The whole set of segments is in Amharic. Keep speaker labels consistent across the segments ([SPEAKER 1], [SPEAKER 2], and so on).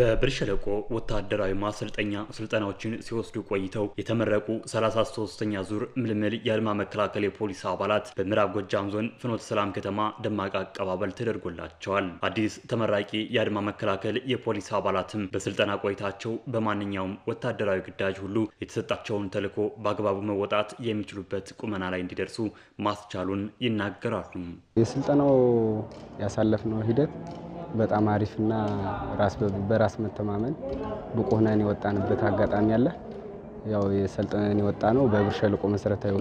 [SPEAKER 1] በብር ሸለቆ ወታደራዊ ማሰልጠኛ ስልጠናዎችን ሲወስዱ ቆይተው የተመረቁ 33ኛ ዙር ምልምል የአድማ መከላከል የፖሊስ አባላት በምዕራብ ጎጃም ዞን ፍኖተ ሰላም ከተማ ደማቅ አቀባበል ተደርጎላቸዋል። አዲስ ተመራቂ የአድማ መከላከል የፖሊስ አባላትም በስልጠና ቆይታቸው በማንኛውም ወታደራዊ ግዳጅ ሁሉ የተሰጣቸውን ተልዕኮ በአግባቡ መወጣት የሚችሉበት ቁመና ላይ እንዲደርሱ ማስቻሉን ይናገራሉ።
[SPEAKER 2] የስልጠናው ያሳለፍነው ሂደት በጣም አሪፍና በራስ መተማመን ብቁ ሆነን የወጣንበት አጋጣሚ አለ። ያው የሰልጥነን የወጣ ነው በብር ሸለቆ መሰረታዊ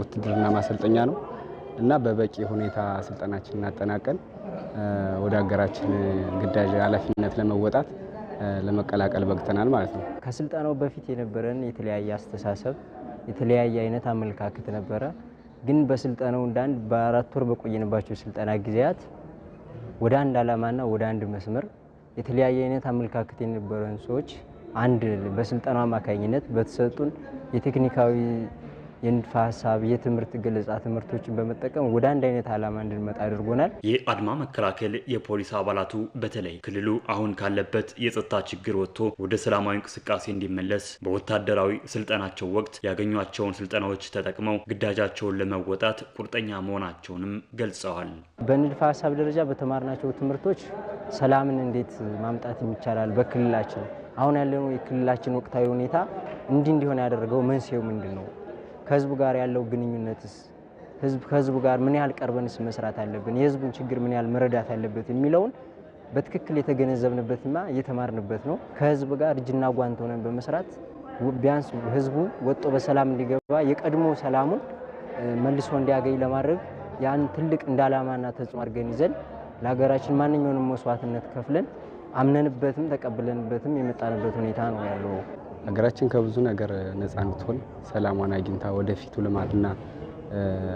[SPEAKER 2] ውትድርና ማሰልጠኛ ነው እና በበቂ ሁኔታ ስልጠናችን እናጠናቀን ወደ ሀገራችን ግዳጅ ኃላፊነት ለመወጣት ለመቀላቀል በቅተናል ማለት ነው።
[SPEAKER 3] ከስልጠናው በፊት የነበረን የተለያየ አስተሳሰብ የተለያየ አይነት አመለካከት ነበረ። ግን በስልጠናው እንዳንድ በአራት ወር በቆየንባቸው ስልጠና ጊዜያት ወደ አንድ ዓላማና ወደ አንድ መስመር የተለያየ አይነት አመለካከት የነበረን ሰዎች አንድ በስልጠና አማካኝነት በተሰጡን የቴክኒካዊ የንድፈ ሀሳብ የትምህርት ገለጻ ትምህርቶችን በመጠቀም ወደ አንድ አይነት ዓላማ እንድንመጣ አድርጎናል።
[SPEAKER 1] የአድማ መከላከል የፖሊስ አባላቱ በተለይ ክልሉ አሁን ካለበት የጸጥታ ችግር ወጥቶ ወደ ሰላማዊ እንቅስቃሴ እንዲመለስ በወታደራዊ ስልጠናቸው ወቅት ያገኟቸውን ስልጠናዎች ተጠቅመው ግዳጃቸውን ለመወጣት ቁርጠኛ መሆናቸውንም ገልጸዋል።
[SPEAKER 3] በንድፈ ሀሳብ ደረጃ በተማርናቸው ትምህርቶች ሰላምን እንዴት ማምጣት የሚቻላል በክልላችን አሁን ያለነው የክልላችን ወቅታዊ ሁኔታ እንዲህ እንዲሆን ያደረገው መንስኤው ምንድን ነው? ከህዝቡ ጋር ያለው ግንኙነትስ ህዝብ ከህዝቡ ጋር ምን ያህል ቀርበንስ መስራት አለብን፣ የህዝቡን ችግር ምን ያህል መረዳት አለበት የሚለውን በትክክል የተገነዘብንበትና እየተማርንበት ነው። ከህዝብ ጋር እጅና ጓንት ሆነን በመስራት ቢያንስ ህዝቡ ወጦ በሰላም እንዲገባ የቀድሞ ሰላሙን መልሶ እንዲያገኝ ለማድረግ ያን ትልቅ እንደ ዓላማና ተጽዕኖ አድርገን ይዘን ለሀገራችን ማንኛውንም መስዋዕትነት ከፍለን አምነንበትም ተቀብለንበትም የመጣንበት ሁኔታ ነው ያለው።
[SPEAKER 2] ሀገራችን ከብዙ ነገር ነፃ እንድትሆን ሰላሟን አግኝታ ወደፊቱ ልማትና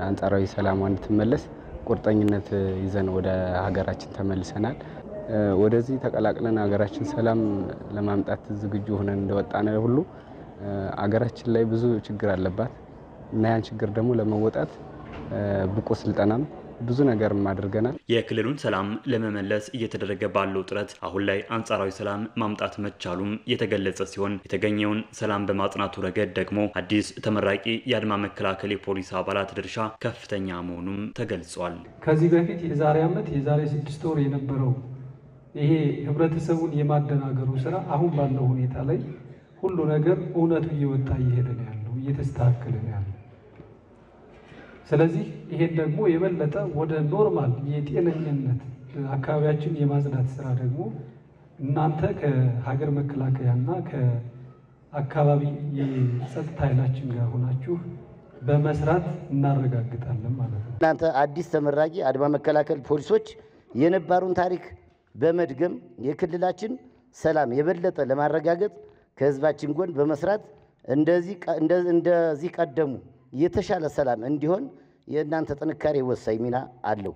[SPEAKER 2] አንጻራዊ ሰላሟ እንድትመለስ ቁርጠኝነት ይዘን ወደ ሀገራችን ተመልሰናል። ወደዚህ ተቀላቅለን ሀገራችን ሰላም ለማምጣት ዝግጁ ሆነን እንደወጣነ ሁሉ አገራችን ላይ ብዙ ችግር አለባት እና ያን ችግር ደግሞ ለመወጣት ብቁ ስልጠናም ብዙ ነገርም አድርገናል።
[SPEAKER 1] የክልሉን ሰላም ለመመለስ እየተደረገ ባለው ጥረት አሁን ላይ አንጻራዊ ሰላም ማምጣት መቻሉም የተገለጸ ሲሆን የተገኘውን ሰላም በማጽናቱ ረገድ ደግሞ አዲስ ተመራቂ የአድማ መከላከል የፖሊስ አባላት ድርሻ ከፍተኛ መሆኑም ተገልጿል።
[SPEAKER 4] ከዚህ በፊት የዛሬ ዓመት የዛሬ ስድስት ወር የነበረው ይሄ ህብረተሰቡን የማደናገሩ ስራ አሁን ባለው ሁኔታ ላይ ሁሉ ነገር እውነቱ እየወጣ እየሄደ ነው ያለው፣ እየተስተካከለ ነው ያለው። ስለዚህ ይሄን ደግሞ የበለጠ ወደ ኖርማል የጤነኝነት አካባቢያችን የማጽዳት ስራ ደግሞ እናንተ ከሀገር መከላከያና ከአካባቢ የጸጥታ ኃይላችን ጋር ሆናችሁ በመስራት እናረጋግጣለን ማለት ነው።
[SPEAKER 3] እናንተ አዲስ ተመራቂ አድማ መከላከል ፖሊሶች የነባሩን ታሪክ በመድገም የክልላችን ሰላም የበለጠ ለማረጋገጥ ከህዝባችን ጎን በመስራት እንደዚህ ቀደሙ የተሻለ ሰላም እንዲሆን የእናንተ ጥንካሬ ወሳኝ ሚና አለው።